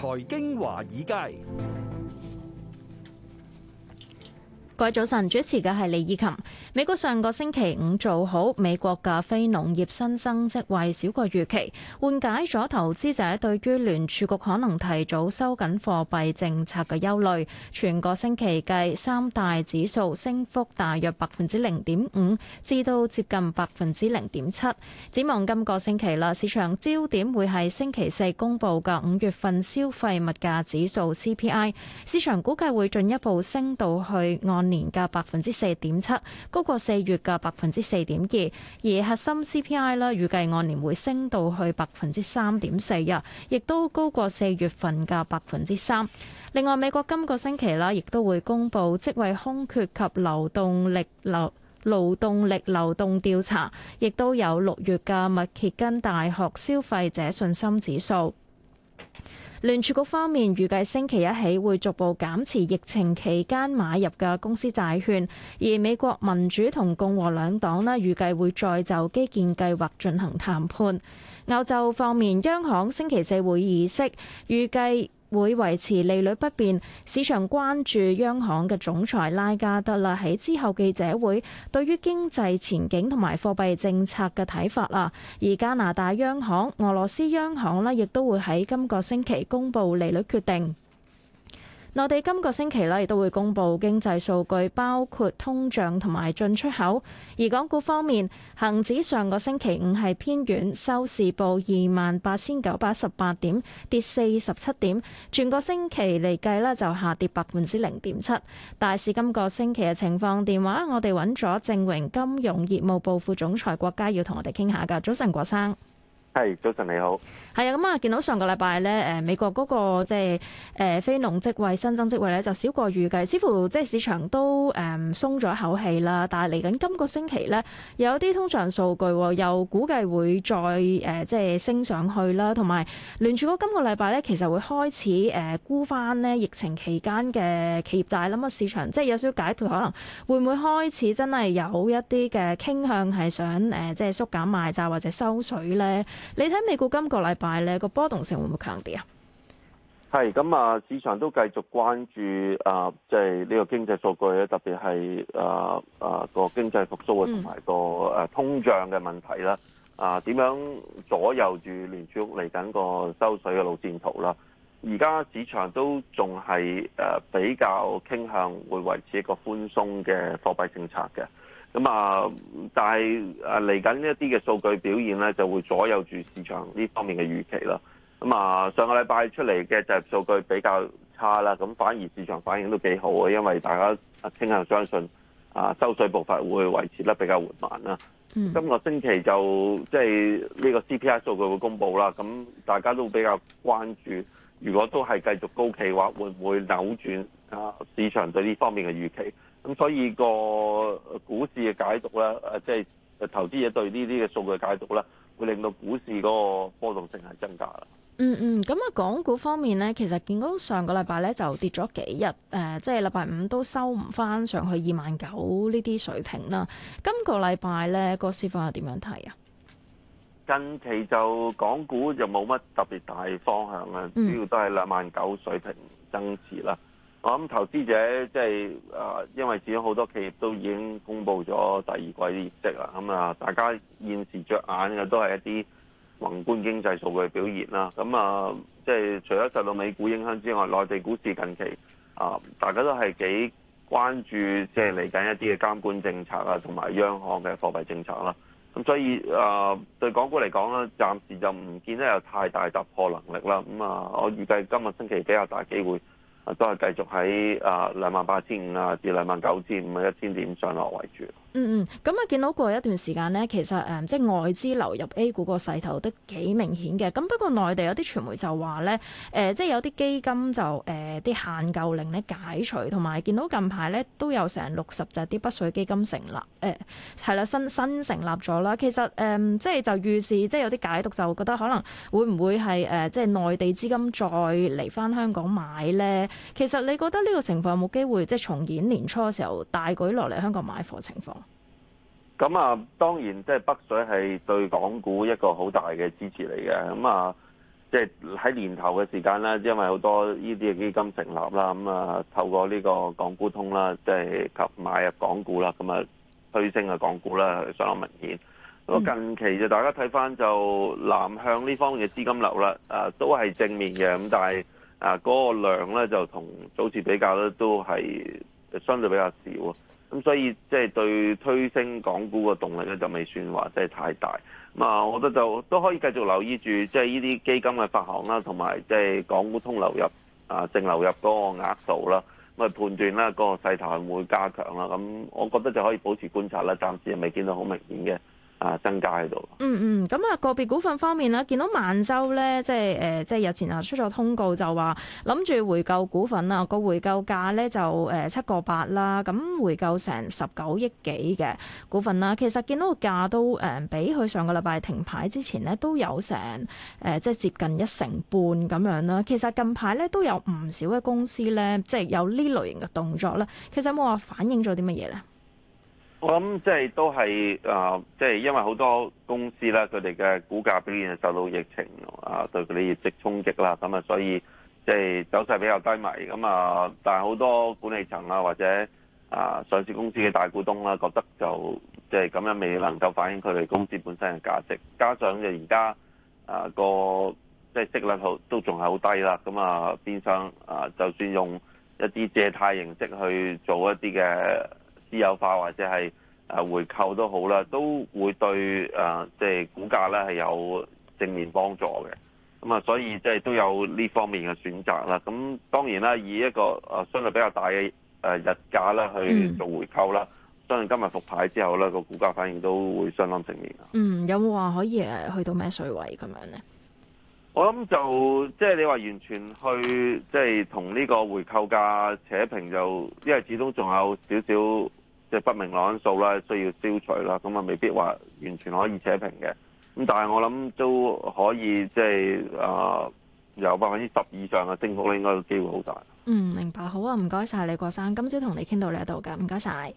財經：華爾街。各位早晨，主持嘅係李以琴。美國上個星期五做好，美國嘅非農業新增職位少過預期，緩解咗投資者對於聯儲局可能提早收緊貨幣政策嘅憂慮。全個星期計，三大指數升幅大約百分之零點五至到接近百分之零點七。展望今個星期啦，市場焦點會係星期四公布嘅五月份消費物價指數 CPI，市場估計會進一步升到去按年嘅百分之四點七，高過四月嘅百分之四點二，而核心 CPI 啦，預計按年會升到去百分之三點四啊，亦都高過四月份嘅百分之三。另外，美國今個星期啦，亦都會公布職位空缺及勞動力流勞動力流動調查，亦都有六月嘅密歇根大學消費者信心指數。聯儲局方面預計星期一起會逐步減持疫情期間買入嘅公司債券，而美國民主同共和兩黨咧，預計會再就基建計劃進行談判。歐洲方面，央行星期四會議議息，預計會維持利率不變，市場關注央行嘅總裁拉加德啦。喺之後記者會對於經濟前景同埋貨幣政策嘅睇法啦。而加拿大央行、俄羅斯央行咧，亦都會喺今個星期公布利率決定。內地今個星期咧亦都會公布經濟數據，包括通脹同埋進出口。而港股方面，恒指上個星期五係偏軟收市，報二萬八千九百一十八點，跌四十七點。全個星期嚟計咧就下跌百分之零點七。大市今個星期嘅情況，電話我哋揾咗正榮金融業務部副總裁郭家，要同我哋傾下噶。早晨，郭生。係早晨，你好係啊。咁啊，見到上個禮拜咧，誒，美國嗰個即係誒非農職位新增職位咧，就少過預計，似乎即係市場都誒鬆咗一口氣啦。但係嚟緊今個星期咧，有啲通脹數據又估計會再誒即係升上去啦。同埋聯儲局今個禮拜咧，其實會開始誒沽翻咧疫情期間嘅企業債，咁啊，市場即係、就是、有少少解脫，可能會唔會開始真係有一啲嘅傾向係想誒即係縮減賣債或者收水咧？你睇，美股今個禮拜咧個波動性會唔會強啲啊？係咁啊，市場都繼續關注啊，即係呢個經濟數據咧，特別係啊啊個經濟復甦啊同埋個誒通脹嘅問題啦。啊、嗯、點、呃、樣左右住聯儲局嚟緊個收水嘅路線圖啦？而家市場都仲係誒比較傾向會維持一個寬鬆嘅貨幣政策嘅。咁啊，但係啊嚟緊呢一啲嘅數據表現咧，就會左右住市場呢方面嘅預期啦。咁啊，上個禮拜出嚟嘅就係數據比較差啦，咁反而市場反應都幾好啊，因為大家傾向相信啊，收水步伐會維持得比較緩慢啦。嗯、今個星期就即係呢個 CPI 數據會公佈啦，咁大家都比較關注，如果都係繼續高企嘅話，會唔會扭轉啊市場對呢方面嘅預期？咁所以個股市嘅解讀咧，誒即係投資者對呢啲嘅數據解讀咧，會令到股市嗰個波動性係增加啦、嗯。嗯嗯，咁啊，港股方面咧，其實見到上個禮拜咧就跌咗幾日，誒、呃，即係禮拜五都收唔翻上去二萬九呢啲水平啦。今個禮拜咧，郭師傅係點樣睇啊？近期就港股就冇乜特別大方向啦，嗯、主要都係兩萬九水平增持啦。我諗、嗯、投資者即係誒、呃，因為始終好多企業都已經公佈咗第二季嘅業績啦。咁、嗯、啊，大家現時着眼嘅都係一啲宏觀經濟數據表現啦。咁、嗯、啊、嗯，即係除咗受到美股影響之外，內地股市近期啊、呃，大家都係幾關注即係嚟緊一啲嘅監管政策啊，同埋央行嘅貨幣政策啦。咁、嗯、所以誒、呃，對港股嚟講咧，暫時就唔見得有太大突破能力啦。咁、嗯、啊、嗯，我預計今個星期比較大機會都係繼續喺啊兩萬八千五啊至兩萬九千五一千點上落為主嗯。嗯嗯，咁啊見到過一段時間咧，其實誒、嗯、即係外資流入 A 股個勢頭都幾明顯嘅。咁不過內地有啲傳媒就話咧，誒、呃、即係有啲基金就誒啲、呃、限購令咧解除，同埋見到近排咧都有成六十隻啲北水基金成立誒係啦新，新成立咗啦。其實誒、嗯、即係就預示，即係有啲解讀就覺得可能會唔會係誒、呃、即係內地資金再嚟翻香港買咧？其實你覺得呢個情況有冇機會即係、就是、重現年初嘅時候大舉落嚟香港買貨情況？咁啊，當然即係北水係對港股一個好大嘅支持嚟嘅。咁啊，即係喺年頭嘅時間咧，因為好多呢啲嘅基金成立啦，咁啊透過呢個港股通啦，即係及買入港股啦，咁啊推升嘅港股啦相當明顯。咁、嗯、近期就大家睇翻就南向呢方面嘅資金流啦，誒都係正面嘅，咁但係。啊，嗰個量咧就同早次比較咧都係相對比較少咁所以即係對推升港股嘅動力咧就未算話即係太大。咁啊，我覺得就都可以繼續留意住即係呢啲基金嘅發行啦，同埋即係港股通流入啊淨流入嗰個額度啦，咁啊判斷啦個勢頭係會,會加強啦。咁我覺得就可以保持觀察啦，暫時係未見到好明顯嘅。啊，增加喺度。嗯嗯，咁啊，個別股份方面啦，見到萬洲咧，即係誒，即係日前啊出咗通告就，就話，諗住回購股份啊，個回購價咧就誒七個八啦，咁回購成十九億幾嘅股份啦。其實見到個價都誒，比佢上個禮拜停牌之前咧都有成誒、呃，即係接近一成半咁樣啦。其實近排咧都有唔少嘅公司咧，即係有呢類型嘅動作啦。其實有冇話反映咗啲乜嘢咧？我諗即係都係啊，即、呃、係、就是、因為好多公司啦，佢哋嘅股價表現受到疫情啊，對佢哋業績衝擊啦，咁啊，所以即係走勢比較低迷。咁啊，但係好多管理層啊，或者啊上市公司嘅大股東啦、啊，覺得就即係咁樣未能夠反映佢哋公司本身嘅價值。加上就而家啊個即係、就是、息率好都仲係好低啦。咁啊，變相啊，就算用一啲借貸形式去做一啲嘅。私有化或者係誒回購都好啦，都會對誒即係股價咧係有正面幫助嘅。咁、嗯、啊，所以即係都有呢方面嘅選擇啦。咁、嗯、當然啦，以一個誒相對比較大嘅誒日價啦去做回購啦，相信今日復牌之後咧個股價反應都會相當正面。嗯，有冇話可以誒去到咩水位咁樣咧？我諗就即係、就是、你話完全去即係同呢個回購價扯平就，就因為始終仲有少少。即係不明朗因素啦，需要消除啦，咁啊未必話完全可以扯平嘅。咁但係我諗都可以，即係啊、呃、有百分之十以上嘅升幅咧，應該機會好大。嗯，明白。好啊，唔該晒。李國生，今朝同你傾到呢度嘅，唔該晒。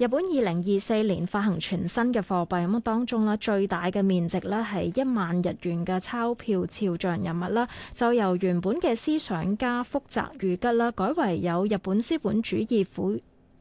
日本二零二四年發行全新嘅貨幣，咁啊當中咧，最大嘅面值咧，係一萬日元嘅鈔票肖像人物啦，就由原本嘅思想家福澤諭吉啦，改為有日本資本主義父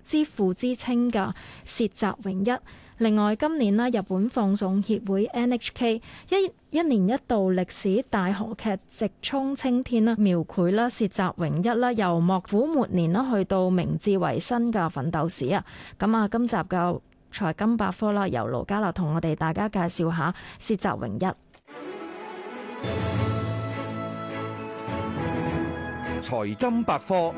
之父之稱嘅薛澤榮一。另外今年咧，日本放送協會 NHK 一一年一度歷史大河劇《直衝青天》咧，描繪咧薛澤榮一咧由幕府末年咧去到明治維新嘅奮鬥史啊。咁啊，今集嘅財金百科啦，由盧嘉樂同我哋大家介紹下薛澤榮一。財金百科。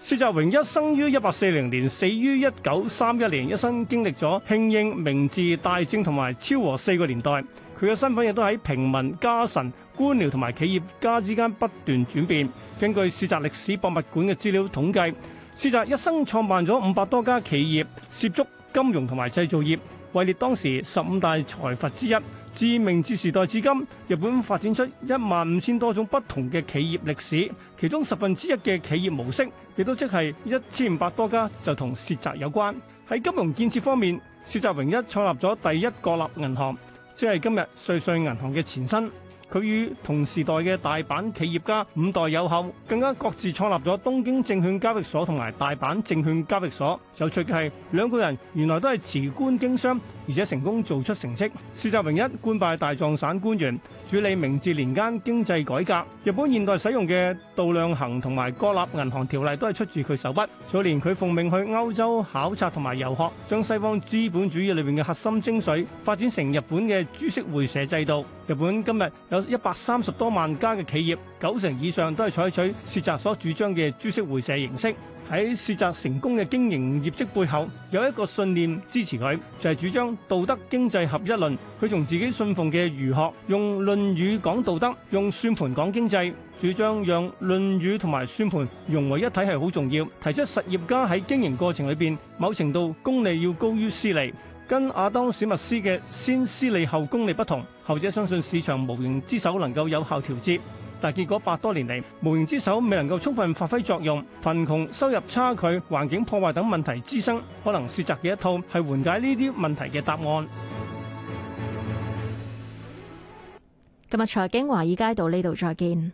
澀澤榮一生於一八四零年，死於一九三一年，一生經歷咗慶應、明治、大正同埋昭和四個年代。佢嘅身份亦都喺平民、家臣、官僚同埋企業家之間不斷轉變。根據澀澤歷史博物館嘅資料統計，澀澤一生創辦咗五百多家企業，涉足金融同埋製造業，位列當時十五大財閥之一。自明治時代至今，日本發展出一萬五千多種不同嘅企業歷史，其中十分之一嘅企業模式。亦都即係一千五百多家就同涉宅有關。喺金融建設方面，涉宅榮一創立咗第一國立銀行，即係今日瑞信銀行嘅前身。佢與同時代嘅大阪企業家五代友厚，更加各自創立咗東京證券交易所同埋大阪證券交易所。有趣嘅係，兩個人原來都係辭官經商，而且成功做出成績。寺澤榮一官拜大藏省官員，主理明治年間經濟改革。日本現代使用嘅度量衡同埋國立銀行條例都係出自佢手筆。早年佢奉命去歐洲考察同埋遊學，將西方資本主義裏面嘅核心精髓發展成日本嘅株式會社制度。日本今日有一百三十多萬家嘅企業，九成以上都係採取澀澤所主張嘅株式會社形式。喺澀澤成功嘅經營業績背後，有一個信念支持佢，就係、是、主張道德經濟合一論。佢從自己信奉嘅儒學，用《論語》講道德，用算盤講經濟，主張讓《論語》同埋算盤融為一體係好重要。提出實業家喺經營過程裏邊，某程度功利要高於私利。跟亞當史密斯嘅先私利後公利不同，後者相信市場無形之手能夠有效調節，但結果百多年嚟，無形之手未能夠充分發揮作用，貧窮、收入差距、環境破壞等問題滋生，可能涉及嘅一套係緩解呢啲問題嘅答案。今日財經華爾街到呢度，再見。